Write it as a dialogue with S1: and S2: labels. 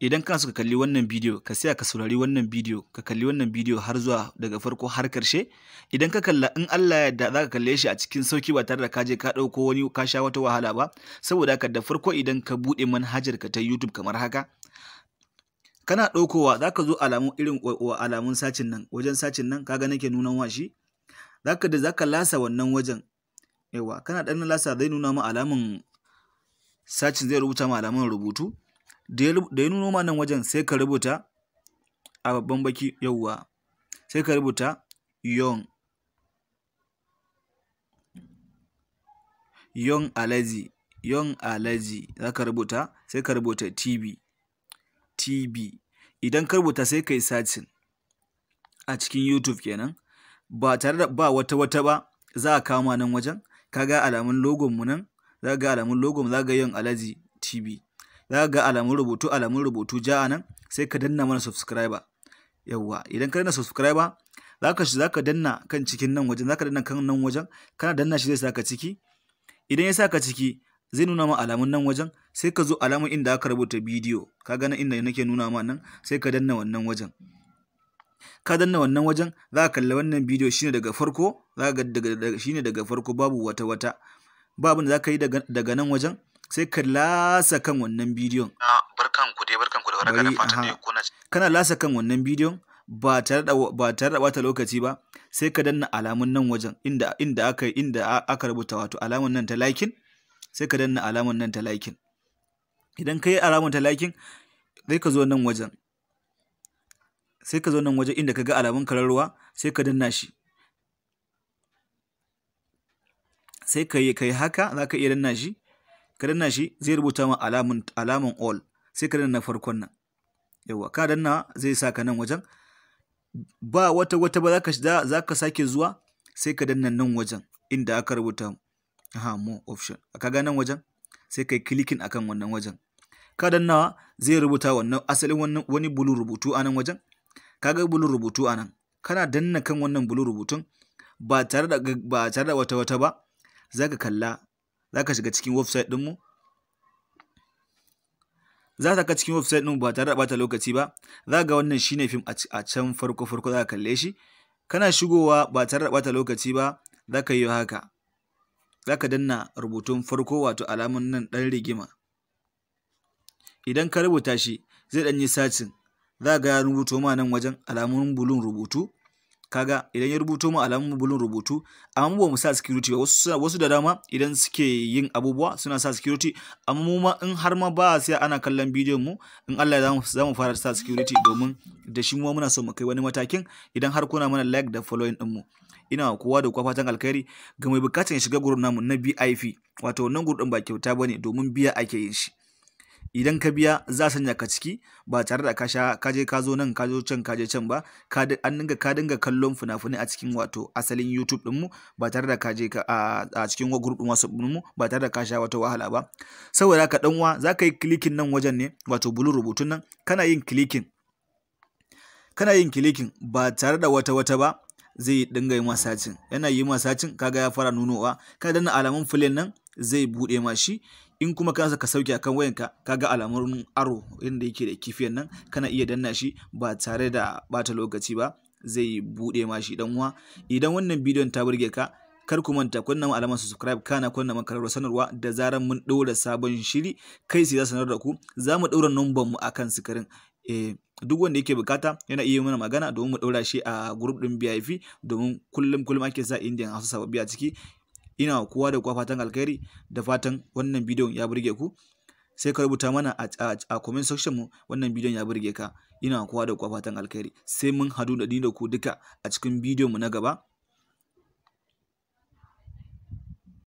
S1: idan kana so ka kalli wannan bidiyo ka saya ka saurari wannan bidiyo ka kalli wannan bidiyo har zuwa daga farko har karshe idan ka kalla in Allah ya yarda za ka kalle shi a cikin sauki ba tare da ka je ka dauko wani ka sha wata wahala ba saboda haka da farko idan ka bude manhajar ka ta YouTube kamar haka kana ɗaukowa za ka zo alamun irin wa alamun sacin nan wajen sacin nan kaga nake nunan shi? za ka da za lasa wannan wajen yawa kana dan lasa zai nuna ma alamun sacin zai rubuta ma alamun rubutu da ya nuno ma nan wajen sai ka rubuta a babban baki yauwa sai ka rubuta yon yon alaji yon alaji za ka rubuta sai ka rubuta tb tb idan ka rubuta sai ka yi sacin a cikin youtube kenan ba tare da ba wata wata ba za a kama nan wajen ka ga alamun logon mu nan za ga alamun logon za ga yon alaji tb za ka ga alamun rubutu alamun rubutu ja a nan sai ka danna mana subscriber yawwa idan ka danna subscriber za shi zaka danna kan cikin nan wajen za ka danna kan nan wajen kana danna shi zai ka ciki idan ya ka ciki zai nuna ma alamun nan wajen sai ka zo alamun inda aka rubuta bidiyo ka gana inda nake nuna ma nan sai ka danna wannan wajen ka danna wannan wajen za ka kalli wannan bidiyo shine daga farko za ka daga shine daga farko babu wata wata ba da za ka yi daga nan wajen sai ka lasa kan wannan bidiyon barkan ku dai barkan ku da warhaka da fatan ne kuna kana lasa kan wannan bidiyon ba tare da ba tare da bata lokaci ba sai ka danna alamun nan wajen inda inda aka inda aka rubuta wato alamun nan ta likin sai ka danna alamun nan ta likin idan ka yi alamun ta likin sai ka zo nan wajen sai ka zo nan wajen inda ka ga alamun kararruwa sai ka danna shi sai ka yi haka za ka iya danna shi ka danna shi zai rubuta ma alamun alamun all sai ka danna farkon nan yawa ka danna zai saka nan wajen ba wata wata ba za ka sake zuwa sai ka danna nan wajen inda aka rubuta ha more option ka ga nan wajen sai kai clickin akan wannan wajen ka danna zai rubuta wannan asalin wannan wani bulu rubutu a nan wajen kaga bulu rubutu a nan kana danna kan wannan bulu rubutun ba tare da ba tare da wata wata ba zaka kalla za ka shiga cikin website ɗinmu za ta ka cikin website ɗin ba tare da ɓata lokaci ba za ga wannan shine fim a can farko farko za ka kalle shi kana shigowa ba tare da ɓata lokaci ba za ka yi haka za ka danna rubutun farko wato alamun nan ɗan rigima idan ka rubuta shi zai ɗan yi sacin za ga ya rubuto ma nan wajen alamun bulun rubutu kaga idan ya rubuto mu alamun bulun rubutu amma ba mu sa security ba wasu da dama idan suke yin abubuwa suna sa security amma mu ma in har ma ba sai ana kallon bidiyon mu in Allah ya za mu fara sa security domin da shi mu muna so mu kai wani matakin idan har kuna mana like da following din mu ina kowa da kowa fatan alkhairi ga mai bukatan shiga gurin namu na BIP wato wannan gurin ba kyauta bane domin biya ake yin shi idan ka biya za a sanya ka ciki ba tare da ka sha ka je ka zo nan ka zo can ka je can ba an dinga ka dinga kallon fina-finai a cikin wato asalin YouTube ɗinmu ba tare da ka je a cikin group ɗin wasu ɗinmu ba tare da ka sha wata wahala ba saboda ka dan uwa za ka yi klikin nan wajen ne wato bulu rubutun nan kana yin klikin kana yin klikin ba tare da wata wata ba zai dinga yi masacin yana yi masacin kaga ya fara nunowa ka na alamun filin nan zai buɗe ma shi in kuma kansa ka sauke akan wayanka ga alamun aro inda yake da kifiyan nan kana iya danna shi ba tare da bata lokaci ba zai bude ma shi dan uwa idan wannan bidiyon ta burge ka kar ku manta kunna mu alamar subscribe kana kunna mu karar sanarwa da zaran mun daura sabon shiri kai sai za sanar da ku za mu daura numban mu akan sikarin eh duk wanda yake bukata yana iya mana magana domin mu daura shi a group din VIP domin kullum kullum ake sa Indian Hausa sababbi a ciki ina kowa da kowa fatan alkhairi da fatan wannan bidiyon ya burge ku sai ka rubuta mana a comment section mu wannan bidiyon ya burge ka ina kowa da kowa fatan alkhairi sai mun hadu da ni da ku duka a cikin bidiyon mu na gaba